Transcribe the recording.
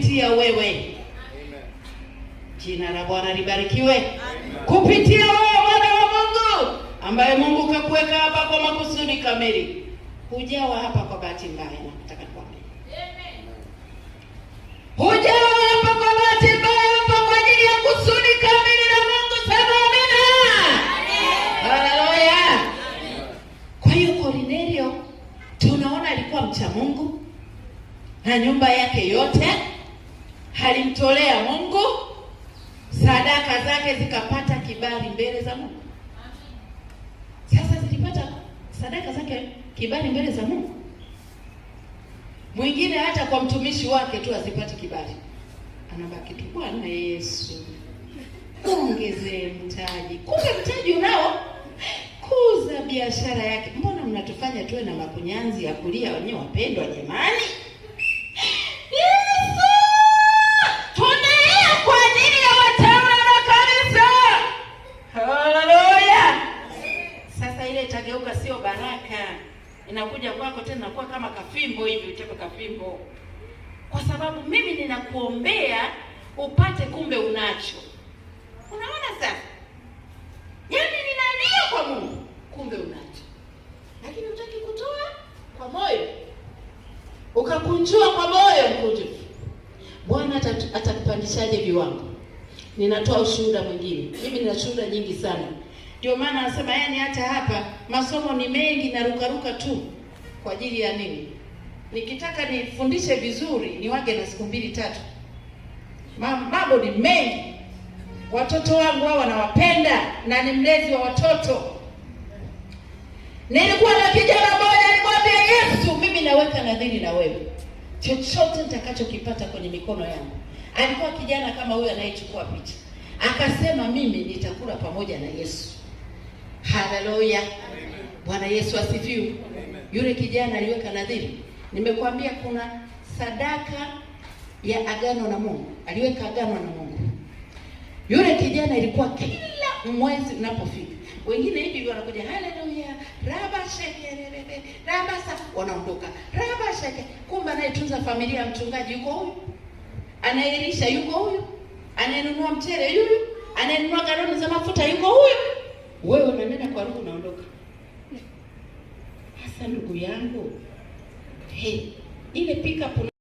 kupitia wewe. Jina la Bwana libarikiwe. Amen. Kupitia wewe mwana wa Mungu ambaye Mungu kakuweka hapa kwa makusudi kamili, hujawa hapa kwa bahati mbaya, nakutaka kuambia hujawa hapa kwa bahati mbaya, hapa kwa ajili ya kusudi kamili la Mungu. Sema amina, haleluya. Kwa hiyo Kornelio tunaona alikuwa mcha Mungu na nyumba yake yote halimtolea Mungu, sadaka zake zikapata kibali mbele za Mungu. Sasa zilipata sadaka zake kibali mbele za Mungu. Mwingine hata kwa mtumishi wake tu asipati kibali, anabaki tu, Bwana Yesu ongezee mtaji. Kumbe mtaji unao, kuza biashara yake. Mbona mnatufanya tuwe na makunyanzi ya kulia wenyewe? Wapendwa jamani! ile itageuka sio baraka, inakuja kwako tena inakuwa kama kafimbo hivi, utepe kafimbo, kwa sababu mimi ninakuombea upate, kumbe unacho. Unaona sasa, yaani ninalia kwa Mungu, kumbe unacho, lakini utaki kutoa kwa moyo, ukakunjua kwa moyo mkunjufu. Bwana atakupandishaje viwango? Ninatoa ushuhuda mwingine, mimi nina shuhuda nyingi sana ndio maana anasema yani, hata hapa masomo ni mengi na rukaruka tu. Kwa ajili ya nini? Nikitaka nifundishe vizuri, niwage na siku mbili tatu. Mambo ni mengi, watoto wangu hao wanawapenda, na ni mlezi wa watoto. Nilikuwa na kijana mmoja alimwambia Yesu, mimi naweka nadhiri na wewe, chochote nitakachokipata kwenye mikono yangu. Alikuwa kijana kama huyo anayechukua picha, akasema mimi nitakula pamoja na Yesu. Haleluya, Bwana Yesu asifiwe. Yule kijana aliweka nadhiri, nimekwambia kuna sadaka ya agano na Mungu, aliweka agano na Mungu. Yule kijana ilikuwa kila mwezi unapofika, wengine hivi wanakuja haleluya, raba raba sa, wanaondoka raba sheke. Kumbe anayetunza familia ya mchungaji yuko huyu, anayelisha yuko huyu, anayenunua mchele yuyu, anayenunua galoni za mafuta yuko huyu wewe unanena kwa roho unaondoka. hasa ndugu yangu, hey, ile pick up